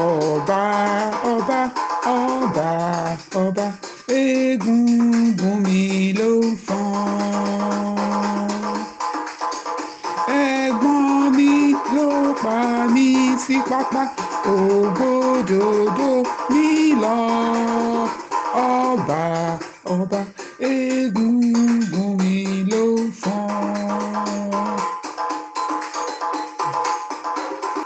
ọba ọba ọba ọba egungun mi ló ń fọn. ẹ̀gbọ́n mi ló pa mí sí pápá ògbódòdó mi lọ ọba ọba egungun.